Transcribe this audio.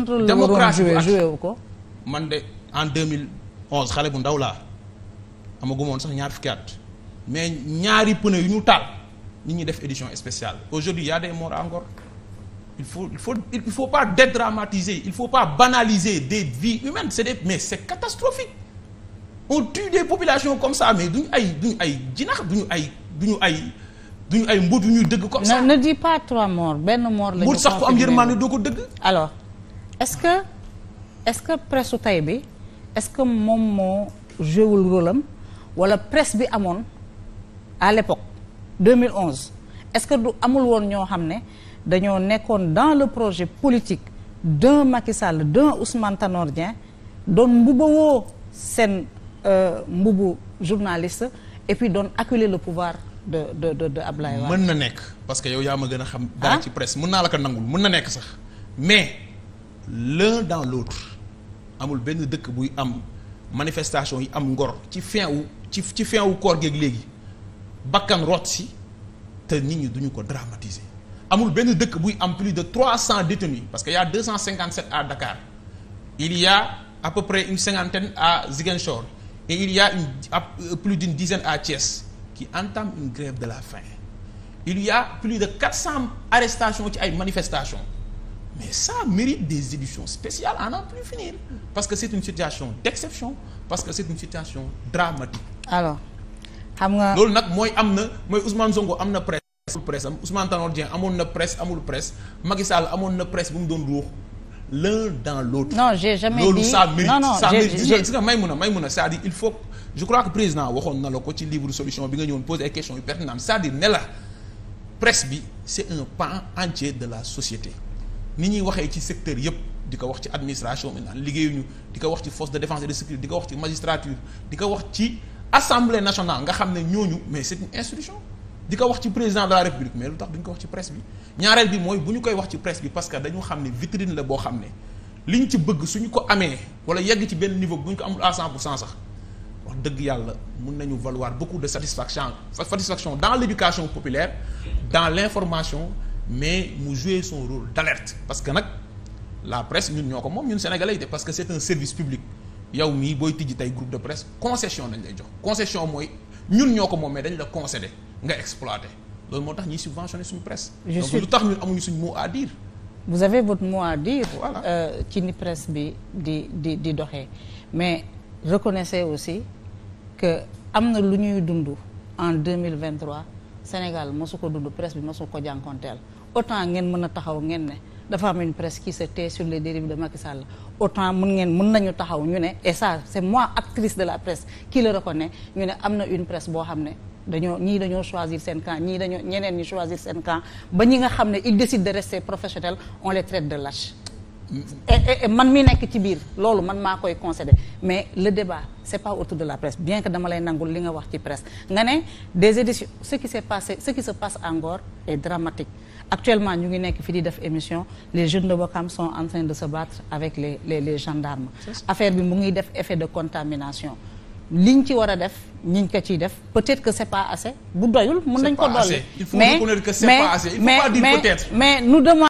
ban rôle la man de en 2011 xale bu ndaw laa amaguma woon sax ñaar fukki mais ñaari pneu yu ñu taal nit ñi def édition spéciale aujourd'hui y a des morts encore il faut il faut il faut pas dédramatiser il faut pas banaliser des vies humaines c'est des mais c'est catastrophique on tue des populations comme ça mais duñu ay duñu ay jinax duñu ay duñu ay duñu ay mbut yu ñuy dëgg comme ça. ne dis pas trois morts benn mort la ñu. sax ko am yërmande doo ko dëgg. est-ce que est-ce que presse su tey bi est-ce que moom moo jouewul rôle am wala presse bi amoon à l'époque 2011 est-ce que du amul woon ñoo xam ne dañoo nekkoon dans le projet politique d'un Macky Sall d'un Ousmane Tanor doon mbubawoo seen euh, mbubu journaliste et puis doon acculer le pouvoir de de de de Ablaye Wade mën na nekk parce que yow yaa ma gën a xam. dara ah? ci presse mën naa la ko nangul mën na nekk sax mais. l'un dans l'autre amul benn dëkk buy am manifestation yi am ngor ci fin wu ci ci fin wu koor geeg léegi bakkan root si te nit ñi duñu ko dramatiser amul benn dëkk buy am plus de trois cent détenus parce que y a deux cent cinquante sept à Dakar il y a peu près une cinquantaine à Ziguinchor et il y a une à, euh, plus d'une dizaine à Thiès qui entament une grève de la fin il y plus de quatre cent arrestations ci ay manifestation mais sa mérite des éditions spéciales à n'en plus finir parce que c'est une situation d'exception parce que c'est une situation dramatique alors xam nga loolu nag mooy am na mooy Ousmane Sonko am na presse amul presse am Ousmane Tanor Dieng amoon na presse amul presse Macky Sall amoon na presse bu mu doon ruux l'un dans l'autre non j'ai jamais dit loolu ça mérite non mérite nga may mun a may mun a c'est-à-dire il faut je crois que président waxoon na la ko ci livre solution bi nga ñëwoon poser ay questions yu pertinentes cest bi c'est un pan entier de la société ni ñuy waxee ci secteur yëpp di ko wax ci administration bi naan liggéeyuñu di ko wax ci force de défense et de sécurité di ko wax ci magistrature di wax ci assemblée nationale nga xam ne ñooñu mais c'est une institution di ko wax ci président de la république mais lu tax duñ ko wax ci presse bi ñaareel bi mooy bu ñu koy wax ci presse bi parce que dañu xam ne vitrine la boo xam ne li ñu ci bëgg suñu ko amee wala yegg ci benn niveau bu ñu ko amul à 100 pour sax dëgg yàlla mën nañu valoir beaucoup de satisfaction satisfaction dans l'éducation populaire dans l'information mais mu jouer son rôle d'alerte parce que nag la presse ñun ñoo ko moom ñun sénégalais yi de parce que c'est un service public yow mii booy tijj tey groupe de presse concession dañ lay jox concession mooy ñun ñoo ko moom mais dañ la concéder nga exploiter loolu moo tax ñuy subventionner suñu presse. je lu tax ñun amuñu suñu mot à dire. vous avez votre mot à dire. voilà euh, ci ni presse bi di di di doxee mais reconnaissez aussi que am na lu ñuy dund en deux mille vingt Sénégal mosu ko dund presse bi mosu ko jànkonteel autant ngeen mën a taxaw ngeen ne dafa am une presse qui se tait sur les dérives de Macky Sall autant mën ngeen mën nañu taxaw ñu ne et ça c'est moi actrice de la presse qui le reconnaît ñu ne am na une presse boo xam ne dañoo ñii dañoo choisir seen camp ñii dañoo ñeneen ñi choisir seen camp ba ñi nga xam ne ils décident de rester professionnels on les traite de lâches man mi nekk ci biir loolu man maa koy concédé mais le débat c'est pas autour de la presse bien que dama lay nangul li nga wax ci presse nga ne des éditions ce qui se passe en Ngor dramatique actuellement ñu ngi nekk fi di def émission les jeunes de Ouakam sont en train de se battre avec les les, les gendarmes affaire bi mu ngi def effet de contamination liñ ci war a def ñiñ ko ciy def peut-être que c'est pas assez bu doyul mën nañ ko dolli mais mais mais